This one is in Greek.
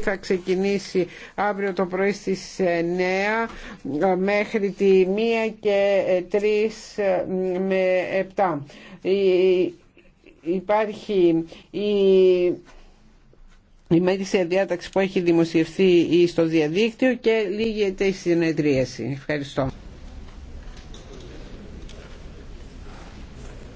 θα ξεκινήσει αύριο το πρωί στις 9 μέχρι τη 1 και 3 με 7. Υπάρχει η η σε διάταξη που έχει δημοσιευθεί στο διαδίκτυο και λύγεται η συνεδρίαση. Ευχαριστώ.